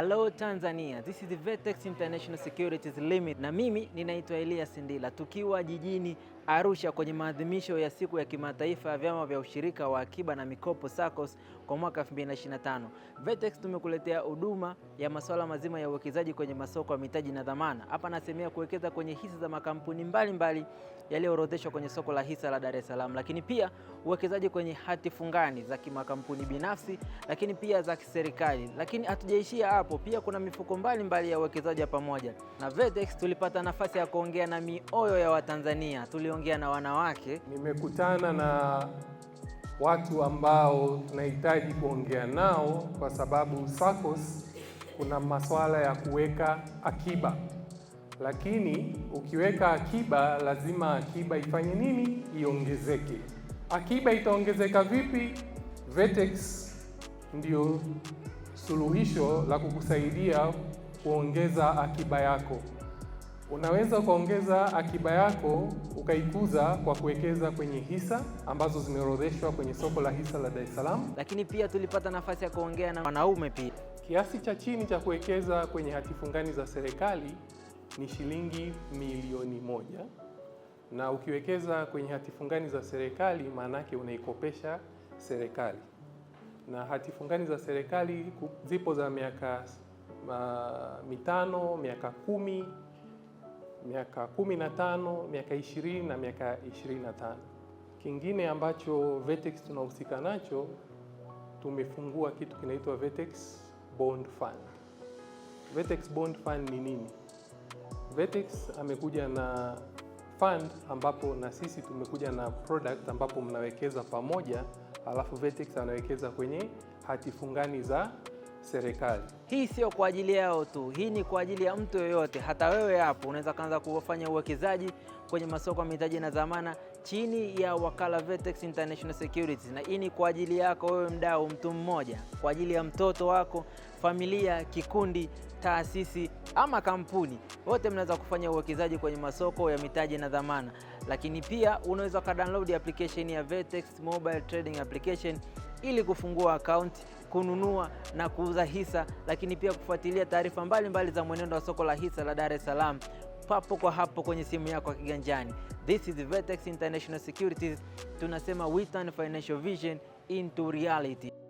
Hello Tanzania, this is the Vertex International Securities Limited, na mimi ninaitwa Elias Sindila tukiwa jijini Arusha kwenye maadhimisho ya siku ya kimataifa ya vyama vya ushirika wa akiba na mikopo SACCOS kwa mwaka 2025. Vertex tumekuletea huduma ya masuala mazima ya uwekezaji kwenye masoko ya mitaji na dhamana. Hapa nasemea kuwekeza kwenye hisa za makampuni mbalimbali yaliyoorodheshwa kwenye soko la hisa la Dar es Salaam, lakini pia uwekezaji kwenye hati fungani za kimakampuni binafsi, lakini pia za kiserikali. Lakini hatujaishia hapo, pia kuna mifuko mbalimbali ya uwekezaji pamoja. Na Vertex tulipata nafasi ya kuongea na mioyo ya Watanzania. tulio kuongea na wanawake. Nimekutana na watu ambao tunahitaji kuongea nao, kwa sababu SACCOS kuna masuala ya kuweka akiba, lakini ukiweka akiba lazima akiba ifanye nini? Iongezeke. Akiba itaongezeka vipi? Vetex ndio suluhisho la kukusaidia kuongeza akiba yako. Unaweza ukaongeza akiba yako ukaikuza kwa kuwekeza kwenye hisa ambazo zimeorodheshwa kwenye soko la hisa la Dar es Salaam. Lakini pia tulipata nafasi ya kuongea na wanaume pia. Kiasi cha chini cha kuwekeza kwenye hati fungani za serikali ni shilingi milioni moja, na ukiwekeza kwenye hati fungani za serikali maana unaikopesha serikali, na hati fungani za serikali zipo za miaka uh, mitano, miaka kumi miaka 15 miaka 20 na miaka 25. Kingine ambacho Vertex tunahusika nacho, tumefungua kitu kinaitwa Vertex Bond Fund. Vertex Bond Fund ni nini? Vertex amekuja na fund ambapo na sisi tumekuja na product ambapo mnawekeza pamoja, alafu Vertex anawekeza kwenye hati fungani za serikali. Hii sio kwa ajili yao tu, hii ni kwa ajili ya mtu yoyote. Hata wewe hapo unaweza kaanza kufanya uwekezaji kwenye masoko ya mitaji na dhamana chini ya wakala Vertex International Securities, na hii ni kwa ajili yako wewe mdau, mtu mmoja, kwa ajili ya mtoto wako, familia, kikundi, taasisi ama kampuni. Wote mnaweza kufanya uwekezaji kwenye masoko ya mitaji na dhamana, lakini pia unaweza ka download application ya Vertex Mobile Trading Application ili kufungua akaunti, kununua na kuuza hisa, lakini pia kufuatilia taarifa mbalimbali za mwenendo wa soko la hisa la Dar es Salaam papo kwa hapo kwenye simu yako ya kiganjani. This is Vertex International Securities, tunasema we turn financial vision into reality.